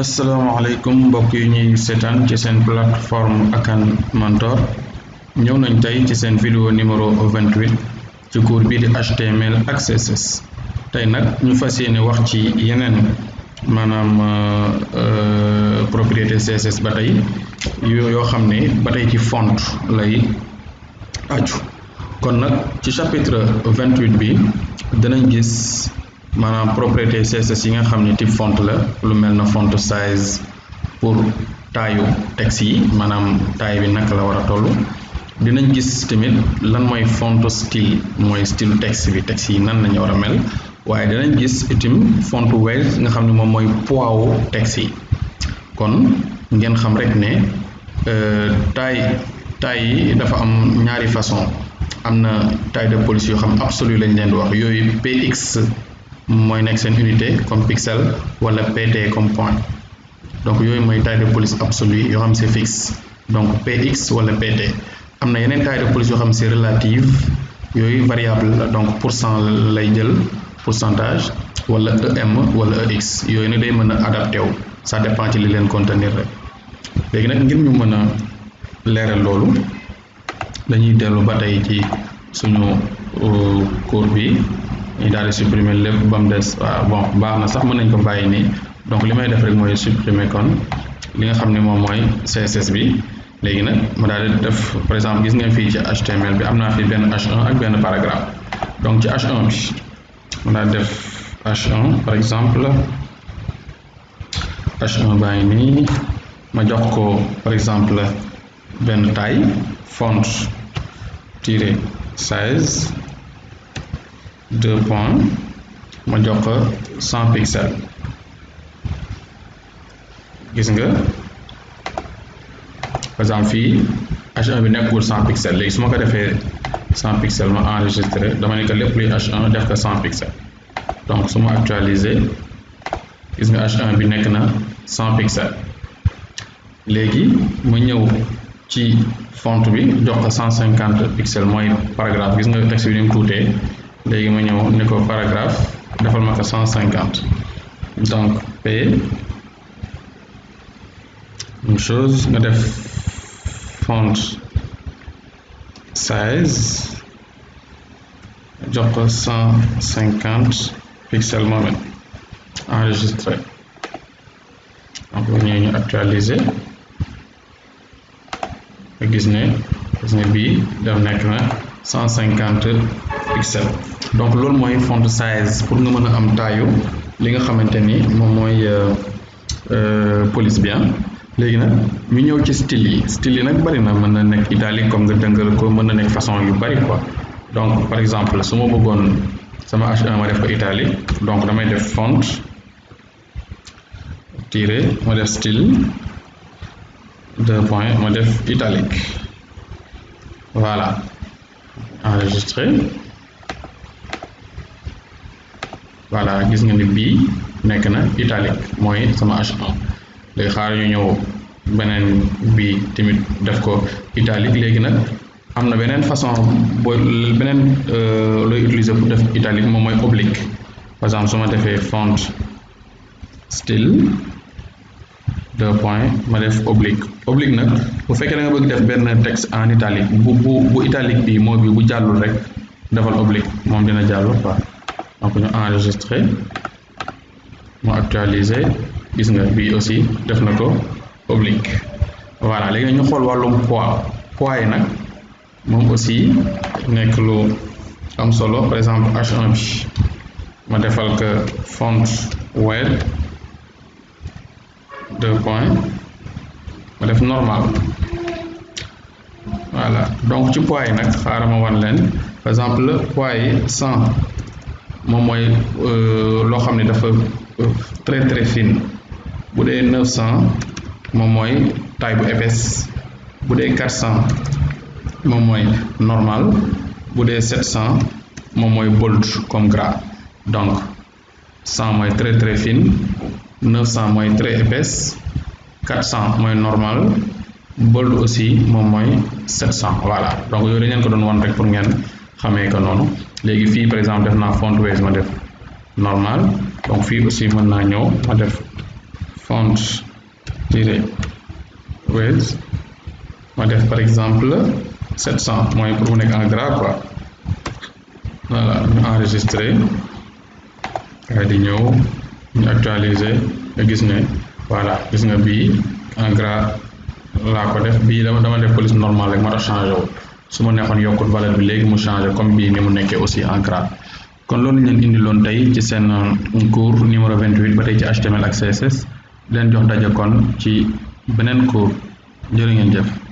asalaamaaleykum mbokk yi ñuy seetaan ci seen plateforme Akan Mentor ñëw nañ tey ci seen vidéo numéro 28 ci cours bii di HTML ak CSS tey nag ñu fas yéene wax ci yeneen maanaam euh, euh, propriété CSS ba tey yoo xam ne ba tey ci font lay aju kon nag ci chapitre 28 bi danañ gis. maanaam propriété CSS yi nga xam ne type font la lu mel na font size pour taayu texte yi maanaam taay bi naka la war a toll dinañ gis tamit lan mooy font style mooy style texte bi texte yi nan lañu war a mel waaye dinañ gis itim font weight nga xam ne moom mooy poids wu texte yi kon ngeen xam rek ne taille euh, taille yi dafa am ñaari façon am na taille de police yoo xam absolu lañ leen di wax yooyu px mooy nekk seen unité comme pixel wala pt comme point donc yooyu mooy taille de police absolue yoo xam c'est fixe donc px wala pt am na yeneen taille de police yoo xam c'est relative yooyu variable la donc pourcent lay jël pourcentage wala em wala ex yooyu nag day mën a adapté wu ça dépend li leen contenir rek léegi nag ngir ñu mën a leeral loolu dañuy dellu ba tey ci suñu euh, cours bi ñu daal di supprimer lépp ba mu des waaw bon baax na sax mën nañ ko bàyyi nii donc li may def rek mooy supprimer kon li nga xam ne moom mooy bi léegi nag ma daal di def par exemple gis ngeen fii ci HTML bi am naa fi benn H1 ak benn paragraphe donc ci H1 bi def h par exemple H1 baa ngi nii ma jox ko par exemple benn taille font tiré size deux ma jox ko cent pixels gis nga par exemple fii H1 bi nekkul cent pixels léegi su ma ko defee cent pixels ma enregistré dama ne que lépp luy H1 def ko cent pixels donc su ma actualiser gis nga H1 bi nekk na cent pixels léegi ma ñëw ci font bi jox ko cent cinquante pixels mooy paragraphe gis nga texte bi ni mu tuutee. léegi ma ñëw ne ko paragraphe defal ma cent cinquante donc p nga def font size jox ko cent cinquante pixels moom it enregistré donc bu ñu actualiser nga gis ne gis ne bii daf nekk na cent cinquante pixel donc loolu mooy font size pour nga mën a am taayu li nga xamante ni moom mooy euh, euh, police bien ah. léegi nag ñu ñëw ci style yi style yi nag bëri na mën na nekk italique comme nga dëngal ko mën na nekk façon yu bëri quoi donc par exemple su ma bëggoon sama H1 ma def ko italique donc damay def font tiré ma def style deux points ma def italique voilà enregistré voilà gis nga ni bii nekk na italique mooy sama h léegi xaar ñu ñëw beneen bii tamit def ko italique léegi nag am na beneen façon boo beneen euh, looy utiliser pour def italique moom mooy oblique par exemple defee font style de point ma def oblique oblique nag bu fekkee da nga bëgg def benn texte en italique bu bu bu italique bi moo bi bu jàllul rek defal oblique moom dina jàllul donc ñu enregistré mu actualisé gis nga bii aussi def na ko public voilà léegi ñu xool wàllum poids poids yi nag moom aussi nekk lu am solo par exemple H1 bi ma defal que font wide de points ma def normal voilà donc ci poids yi nag xaaral ma wan leen par exemple poids yi cent moom mooy euh, loo xam ne dafa euh, très très fine bu dee neuf cent moom mooy taille bu épaisse bu dee quatre cent moom mooy normal bu dee sept cent moom mooy bold comme gras donc cent mooy très très fine neuf cent mooy très épaisse quatre cent mooy normal bold aussi moom mooy sept cent voilà donc yooyu dañ ko doon wan rek pour ngeen xamee ko noonu léegi fii par exemple def naa font weight ma def normal donc fii aussi mën naa ñëw ma def font tiré weight ma def par exemple 700 mooy pour mu nekk en gras quoi voilà ñu di ñëw ñu actualiser nga gis ne voilà gis nga bi en gras laa ko def bii dama dama def police normal rek moo tax changé wul su ma neexoon yokkut valeur bi léegi mu changé comme bii ni mu nekkee aussi en grade kon loolu leen indi loon tey ci seen euh, cours numéro 28 ba tey ci HTML ak CSS leen jox daje kon ci beneen cours jërë ngeen jëf